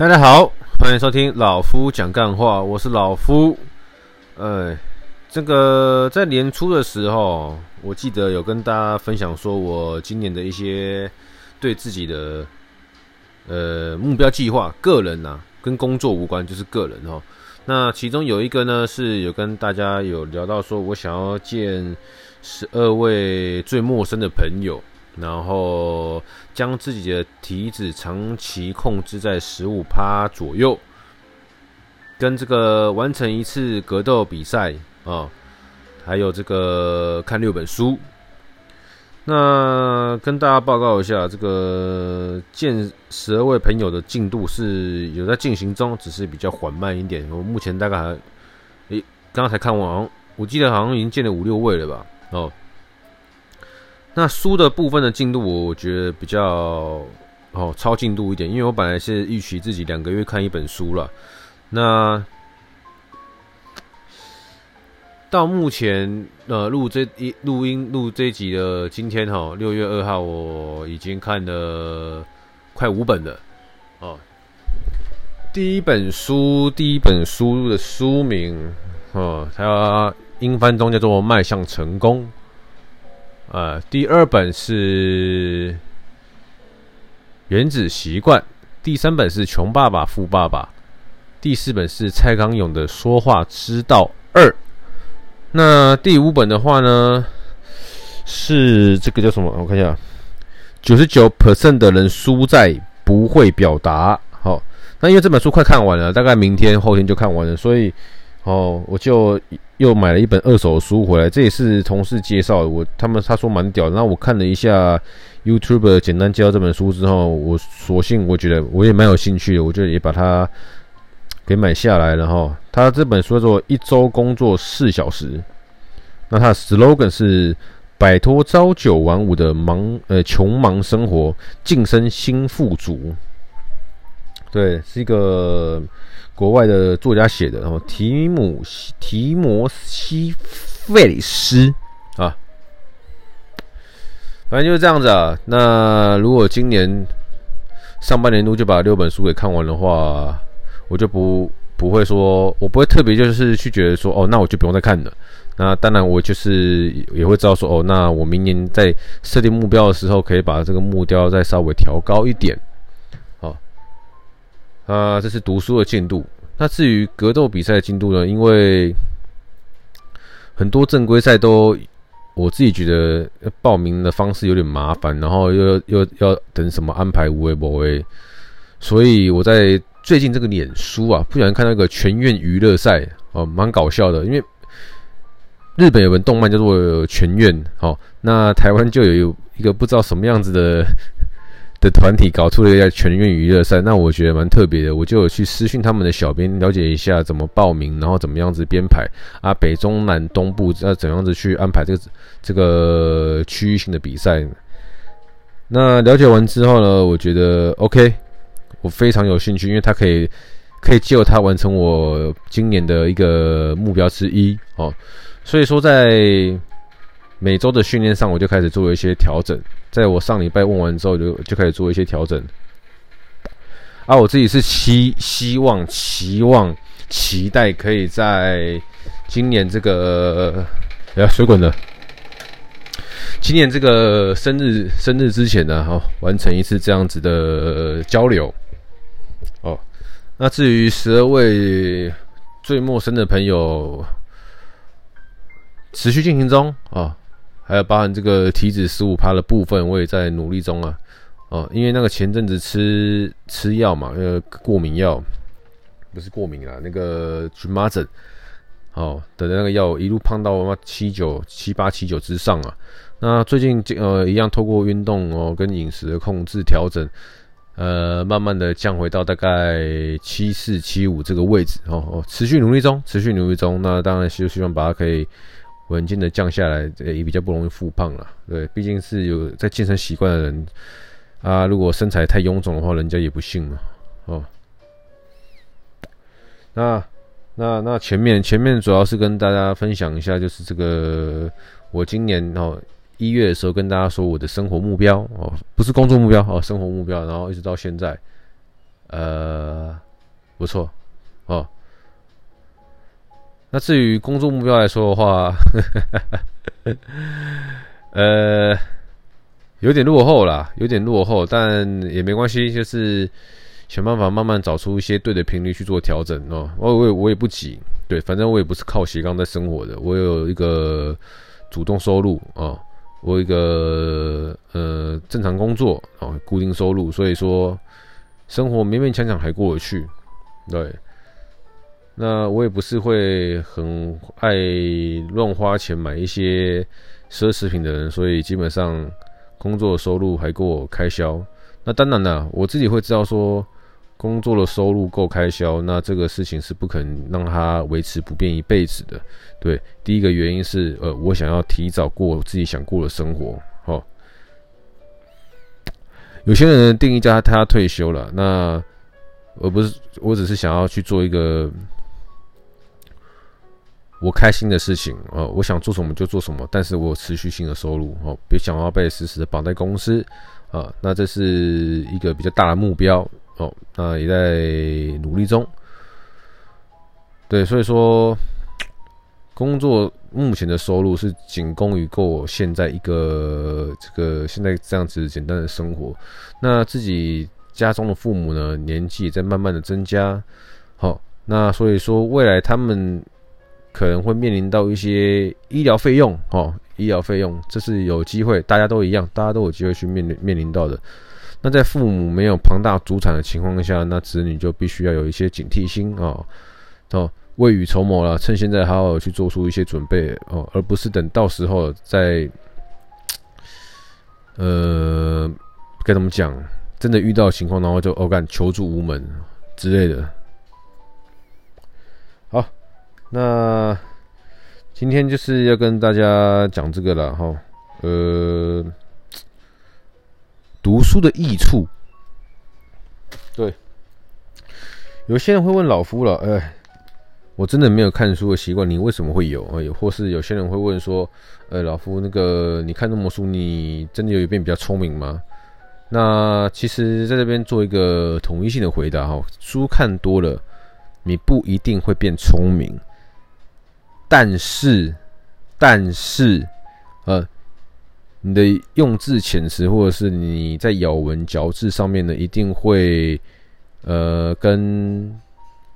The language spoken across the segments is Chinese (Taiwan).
大家好，歡迎收聽老夫講幹話，我是老夫。呃，這個在年初的時候，我記得有跟大家分享，說我今年的一些對自己的呃目標計劃，個人吶，啊，跟工作無關，就是個人哦，那其中有一個呢，是有跟大家有聊到，說我想要見十二位最陌生的朋友。然後將自己的體脂長期控制在十五趴左右，跟這個完成一次格鬥比賽啊、哦，還有這個看六本書。那跟大家報告一下，這個見十二位朋友的進度是有在進行中，只是比較緩慢一點。我目前大概還，誒，剛剛才看完，我記得好像已經見了五六位了吧？哦。那書的部分的進度，我覺得比較哦超進度一點，因為我本來是預期自己兩個月看一本書了。那到目前呃錄這，這一錄音錄這集的今天哈，哦、六月二號我已經看了快五本了哦。第一本書，第一本書的書名哦，它英翻中叫做《邁向成功》。呃，第二本是《原子習慣》，第三本是《窮爸爸富爸爸》，第四本是蔡康永的《說話之道二》。那第五本的話呢，是這個叫什麼？我看一下，《99%的人輸在不會表達》哦。好，那因為這本書快看完了，大概明天後天就看完了，所以。哦，我就又買了一本二手書回來，這也是同事介紹的我，他們他說蠻屌的，然後我看了一下 YouTuber 簡單介紹這本書之後，我索性我覺得我也蠻有興趣的，我就也把它給買下來了哈、哦。他這本書叫做一周工作四小時，那他的 slogan 是擺脫朝九晚五的忙呃窮忙生活，晉升新富足。對，是一個國外的作家寫的，然後，哦，提姆西提摩西費里斯啊，反正就是這樣子。啊，那如果今年上半年度就把六本書給看完的話，我就不不會說，我不會特別就是去覺得說，哦，那我就不用再看了。那當然，我就是也會知道說，哦，那我明年在設定目標的時候，可以把這個目標再稍微調高一點。啊，這是讀書的進度。那至於格鬥比賽的進度呢？因為很多正規賽都，我自己覺得報名的方式有點麻煩，然後又又要等什麼安排的無微不微。所以我在最近這個臉書啊，不小心看到一個全院娛樂賽哦，蠻、啊、搞笑的。因為日本有本動漫叫做《全院》哦、啊，那台灣就有一個不知道什麼樣子的。的團體搞出了一個全員娛樂賽，那我覺得蠻特別的。我就有去私訊他們的小編，了解一下怎麼報名，然後怎麼樣子編排啊，北中南東部要、啊、怎麼樣子去安排這個這個區域性的比賽？那了解完之後呢，我覺得 OK，我非常有興趣，因為他可以可以借由他完成我今年的一個目標之一哦。所以說在。每週的訓練上，我就開始做一些調整。在我上禮拜問完之後，就就開始做一些調整。啊，我自己是期希望期望期待，可以在今年這個，哎呀，水滾了。今年這個生日生日之前呢，哈，完成一次這樣子的交流。哦，那至於十二位最陌生的朋友，持續進行中啊、哦。還有包含這個體脂十五趴的部分，我也在努力中啊，哦，因為那個前陣子吃吃藥嘛，呃，那個過敏藥不是過敏啦，那個蕁麻疹，哦，的那個藥一路胖到我媽七九七八七九之上啊，那最近呃一樣透過運動哦跟飲食的控制調整，呃，慢慢的降回到大概七四七五這個位置哦，持續努力中，持續努力中，那當然就希望把它可以。穩定的降下來，也比較不容易復胖了。對，畢竟是有在健身習慣的人啊，如果身材太臃腫的話，人家也不信嘛。哦，那、那、那前面、前面主要是跟大家分享一下，就是這個我今年哦一月的時候跟大家說我的生活目標哦，不是工作目標哦，生活目標，然後一直到現在，呃，不錯，哦。那至於工作目標來說的話， 呃，有點落後啦，有點落後，但也沒關係，就是想辦法慢慢找出一些對的頻率去做調整哦。我我我也不急，對，反正我也不是靠斜槓在生活的，我有一個主動收入啊、哦，我有一個呃正常工作啊、哦，固定收入，所以說生活勉勉強強還過得去，對。那我也不是會很愛亂花錢買一些奢侈品的人，所以基本上工作的收入還夠我開銷。那當然了、啊，我自己會知道說工作的收入夠開銷，那這個事情是不可能讓它維持不變一輩子的。對，第一個原因是呃，我想要提早過我自己想過的生活。哦。有些人定義一家他退休了，那我不是我只是想要去做一個。我開心的事情，呃，我想做什麼就做什麼，但是我有持續性的收入哦，別想要被死死的綁在公司，啊，那這是一個比較大的目標哦，那也在努力中。對，所以說，工作目前的收入是僅供於過我現在一個這個現在這樣子簡單的生活，那自己家中的父母呢，年紀也在慢慢的增加，好，那所以說未來他們。可能會面臨到一些醫療費用，哦，醫療費用，這是有機會，大家都一樣，大家都有機會去面臨面臨到的。那在父母沒有龐大祖產的情況下，那子女就必須要有一些警惕心哦。哦，未雨綢繆了，趁現在好好去做出一些準備哦，而不是等到時候再，呃，跟他們講，真的遇到的情況，然後就哦幹求助無門之類的。那今天就是要跟大家講這個了哈、哦，呃，讀書的益處。對，有些人會問老夫了，哎，我真的沒有看書的習慣，你為什麼會有？啊，有，或是有些人會問說，呃，老夫那個你看那麼多書，你真的有變比較聰明嗎？那其實在這邊做一個統一性的回答哈，書看多了，你不一定會變聰明。但是，但是，呃，你的用字遣詞，或者是你在咬文嚼字上面呢，一定會，呃，跟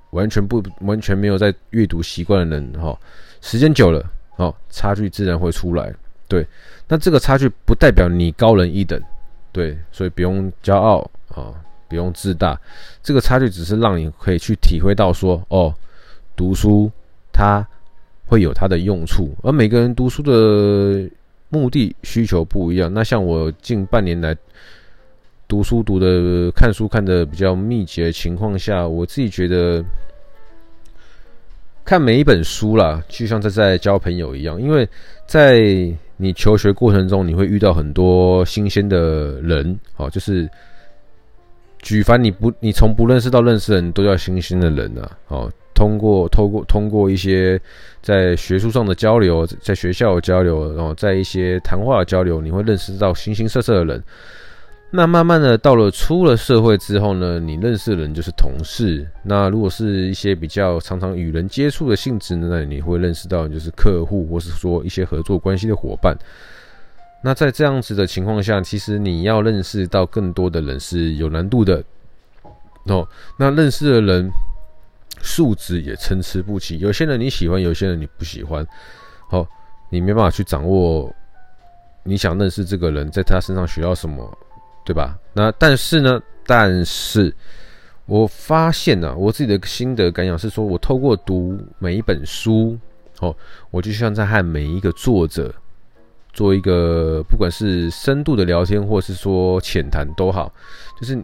完全不、完全沒有在閱讀習慣的人，哈、哦，時間久了，哦，差距自然會出來。對，那這個差距不代表你高人一等，對，所以不用驕傲啊、哦，不用自大。這個差距只是讓你可以去體會到說，哦，讀書它。會有它的用處，而每個人讀書的目的需求不一樣。那像我近半年來讀書讀的、看書看的比較密集的情況下，我自己覺得看每一本書啦，就像在在交朋友一樣，因為在你求學過程中，你會遇到很多新鮮的人，哦，就是舉凡你不、你從不認識到認識的人都叫新鮮的人啊，哦。通過通過通過一些在學術上的交流，在學校的交流，然後在一些談話的交流，你會認識到形形色色的人。那慢慢的到了出了社會之後呢，你認識的人就是同事。那如果是一些比較常常與人接觸的性質呢，那你會認識到就是客戶，或是說一些合作關係的夥伴。那在這樣子的情況下，其實你要認識到更多的人是有難度的。哦，那認識的人。素質也參差不齊，有些人你喜歡，有些人你不喜歡。好，你沒辦法去掌握，你想認識這個人，在他身上學到什麼，對吧？那但是呢，但是我發現呢，啊，我自己的心得感想是說，我透過讀每一本書，哦，我就像在和每一個作者做一個，不管是深度的聊天，或是說淺談都好，就是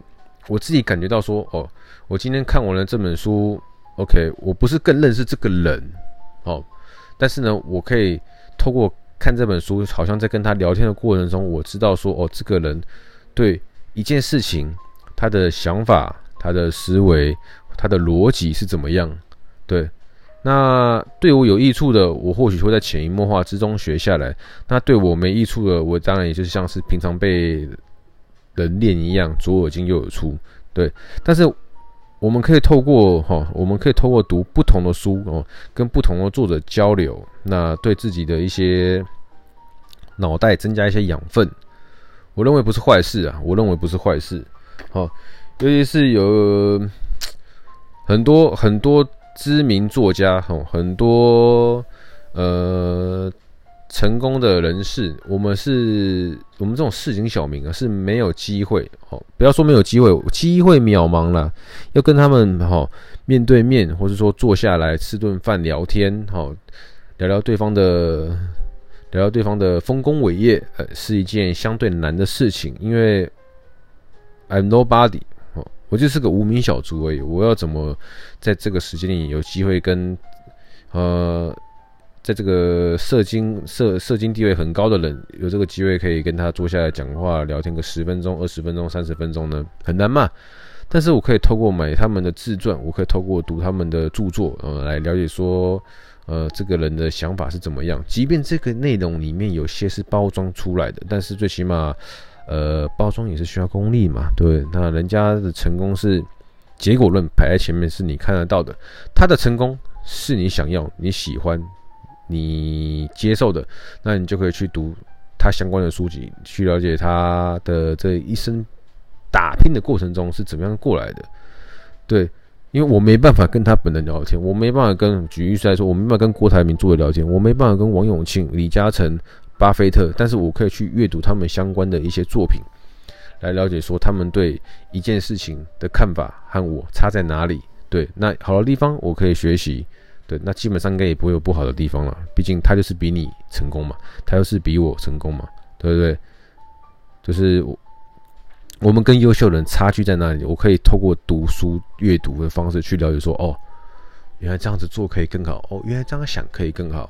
我自己感覺到說，哦，我今天看完了這本書。OK，我不是更認識這個人，哦，但是呢，我可以透過看這本書，好像在跟他聊天的過程中，我知道說，哦，這個人對一件事情他的想法、他的思維、他的邏輯是怎麼樣，對，那對我有益處的，我或許會在潛移默化之中學下來；那對我沒益處的，我當然也就像是平常被人念一樣，左耳進右耳出，對，但是。我們可以透過哈、哦，我們可以透過讀不同的書哦，跟不同的作者交流，那對自己的一些腦袋增加一些養分，我認為不是壞事啊，我認為不是壞事。好、哦，尤其是有很多很多知名作家，哈、哦，很多呃。成功的人士，我們是，我們這種市井小民啊，是沒有機會哦。不要說沒有機會，機會渺茫了。要跟他們哈、哦、面對面，或者說坐下來吃頓飯聊天，好、哦、聊聊對方的，聊聊對方的豐功偉業，呃，是一件相對難的事情。因為 I'm nobody、哦、我就是個無名小卒而已。我要怎麼在這個時間裡有機會跟，呃，在這個社經社社經地位很高的人，有這個機會可以跟他坐下來講話、聊天個十分鐘、二十分鐘、三十分鐘呢，很難嘛。但是我可以透過買他們的自傳，我可以透過讀他們的著作，呃，來了解說，呃，這個人的想法是怎麼樣。即便這個內容裡面有些是包裝出來的，但是最起碼，呃，包裝也是需要功力嘛。對，那人家的成功是結果論排在前面，是你看得到的，他的成功是你想要、你喜歡。你接受的，那你就可以去讀他相關的書籍，去了解他的這一生打拼的過程中是怎麼樣過來的。對，因為我沒辦法跟他本人聊天，我沒辦法跟許玉來說，我沒辦法跟郭台銘坐著聊天，我沒辦法跟王永慶、李嘉誠、巴菲特，但是我可以去閱讀他們相關的一些作品，來了解說他們對一件事情的看法和我差在哪裡。對，那好的地方我可以學習。那基本上應該也不會有不好的地方了，畢竟他就是比你成功嘛，他就是比我成功嘛，對不對？就是我，我們跟優秀人差距在哪裡？我可以透過讀書閱讀的方式去了解說，哦，原來這樣子做可以更好，哦，原來這樣想可以更好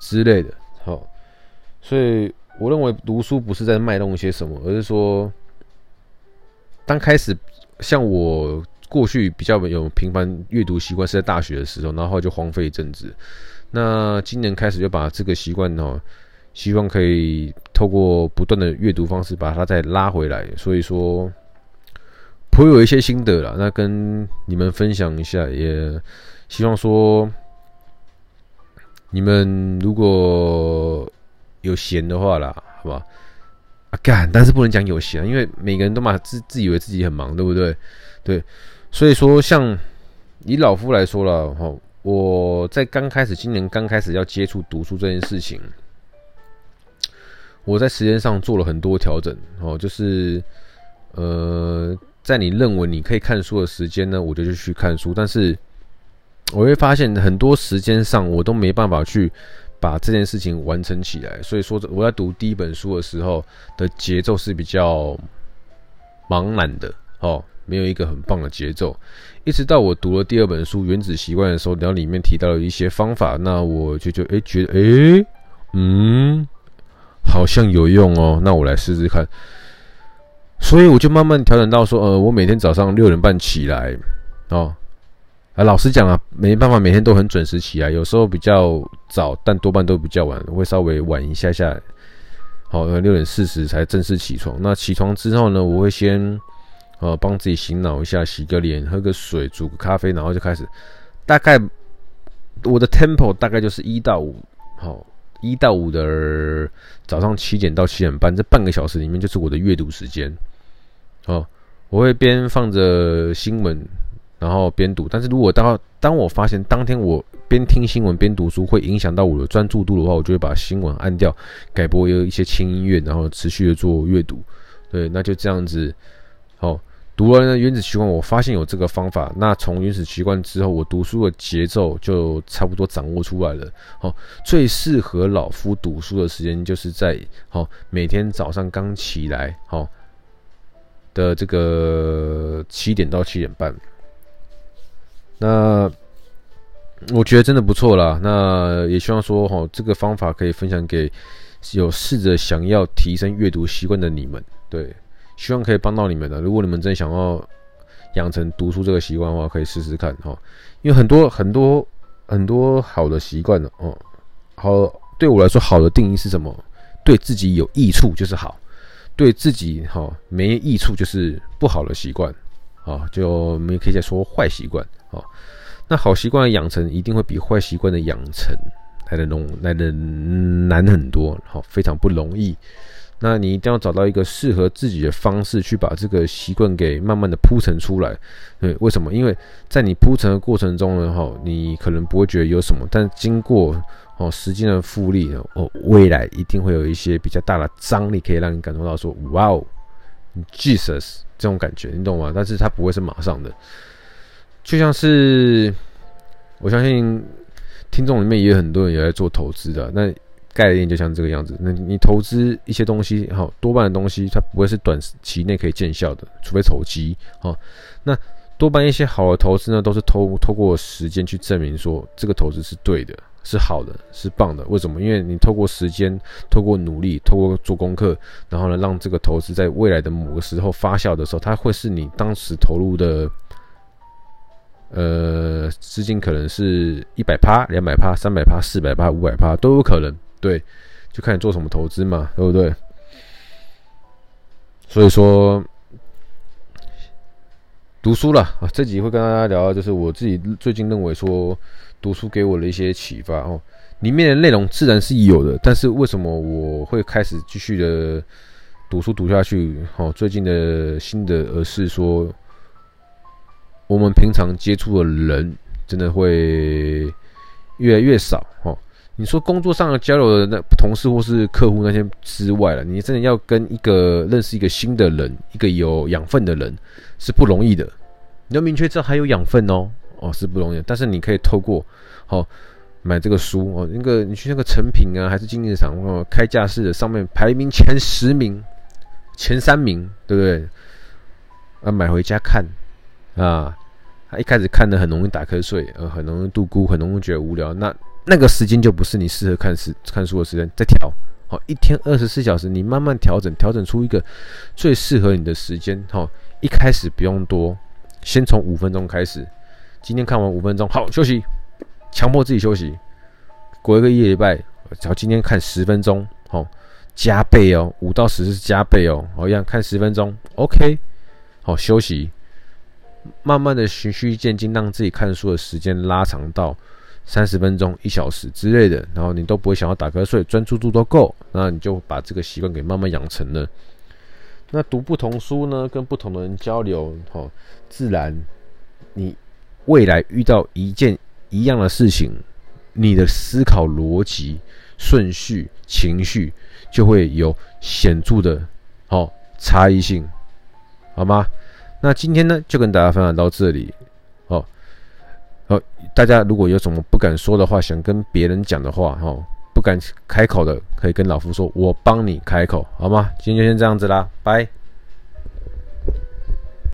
之類的，好。所以我認為讀書不是在賣弄一些什麼，而是說，當開始像我。過去比較有頻繁閱讀習慣是在大學的時候，然後後來就荒廢一陣子。那今年開始就把這個習慣哦，希望可以透過不斷的閱讀方式把它再拉回來。所以說，頗有一些心得了，那跟你們分享一下，也希望說你們如果有閒的話啦，好吧？啊，幹，但是不能講有閒，因為每個人都嘛自自以為自己很忙，對不對？對。所以說，像以老夫來說了哈，我在剛開始今年剛開始要接觸讀書這件事情，我在時間上做了很多調整哦，就是呃，在你認為你可以看書的時間呢，我就就去看書。但是我會發現很多時間上我都沒辦法去把這件事情完成起來。所以說，我在讀第一本書的時候的節奏是比較茫然的哦。沒有一個很棒的節奏，一直到我讀了第二本書《原子習慣》的時候，然後裡面提到了一些方法，那我就，就誒覺得，覺得，誒嗯，好像有用哦，那我來試試看。所以我就慢慢調整到說，呃，我每天早上六點半起來，哦，啊，老實講啊，沒辦法，每天都很準時起來，有時候比較早，但多半都比較晚，會稍微晚一下下，好，六點四十才正式起床。那起床之後呢，我會先。呃，幫自己醒腦一下，洗個臉，喝個水，煮個咖啡，然後就開始。大概我的 tempo 大概就是一到五，好，一到五的早上七點到七點半，這半個小時裡面就是我的閱讀時間。好，我會邊放着新聞，然後邊讀。但是如果當當我發現當天我邊聽新聞邊讀書會影響到我的專注度的話，我就會把新聞按掉，改播一些輕音樂，然後持續的做閱讀。對，那就這樣子。讀完的原子習慣，我發現有這個方法。那從原子習慣之後，我讀書的節奏就差不多掌握出來了。好，最適合老夫讀書的時間就是在好每天早上剛起來，好，的這個七點到七點半。那我覺得真的不錯啦。那也希望說，好，這個方法可以分享給有試着想要提升閱讀習慣的你們。對。希望可以幫到你們的。如果你們真的想要養成讀書這個習慣的話，可以試試看哈。因為很多很多很多好的習慣哦，好對我來說，好的定義是什麼？對自己有益處就是好，對自己哈沒益處就是不好的習慣啊，就我們可以再說壞習慣啊。那好習慣的養成一定會比壞習慣的養成來得容，來的難很多，好非常不容易。那你一定要找到一個適合自己的方式，去把這個習慣給慢慢的鋪陳出來。對，為什麼？因為在你鋪陳的過程中，然後你可能不會覺得有什麼，但經過哦時間的複利，哦未來一定會有一些比較大的張力，可以讓你感受到說，哇哦，Jesus 這種感覺，你懂嗎？但是它不會是馬上的，就像是我相信聽眾裡面也有很多人也在做投資的，那，概念就像這個樣子，那你投資一些東西，好，多半的東西它不會是短期內可以見效的，除非投機，哈。那多半一些好的投資呢，都是透透過時間去證明說這個投資是對的，是好的，是棒的。為什麼？因為你透過時間，透過努力，透過做功課，然後呢，讓這個投資在未來的某個時候發酵的時候，它會是你當時投入的，呃，資金可能是一百趴、兩百趴、三百趴、四百趴、五百趴都有可能。對，就看你做什麼投資嘛，對不對？所以說，讀書了啊，這集會跟大家聊到就是我自己最近認為說，讀書給我的一些啟發哦。裡面的內容自然是有的，但是為什麼我會開始繼續的讀書讀下去？哦，最近的新的，而是說，我們平常接觸的人真的會越來越少。你說工作上交流的那同事或是客戶那些之外了，你真的要跟一個認識一個新的人，一個有養分的人是不容易的。你要明確知道還有養分哦，哦是不容易的。但是你可以透過哦、喔，買這個書哦、喔，那個你去那個誠品啊，還是競技場、喔、開架式的上面排名前十名、前三名，對不對？啊，買回家看啊，他一開始看的很容易打瞌睡，呃，很容易度孤，很容易覺得無聊，那。那個時間就不是你適合看時看書的時間，再調。好，一天二十四小時，你慢慢調整，調整出一個最適合你的時間。好，一開始不用多，先從五分鐘開始。今天看完五分鐘，好休息，強迫自己休息，過一個一禮拜，然後今天看十分鐘，好加倍哦，五到十是加倍哦，樣 OK，好，一樣看十分鐘，OK，好休息，慢慢的循序漸進，讓自己看書的時間拉長到。三十分鐘、一小時之類的，然後你都不會想要打瞌睡，專注度都夠，那你就把這個習慣給慢慢養成了。那讀不同書呢，跟不同的人交流，吼、哦，自然你未來遇到一件一樣的事情，你的思考邏輯、順序、情緒就會有顯著的哦差異性，好嗎？那今天呢，就跟大家分享到這裡。好，大家如果有什麼不敢說的話，想跟別人講的話，哈，不敢開口的，可以跟老夫說，我幫你開口，好嗎？今天就先這樣子啦，拜。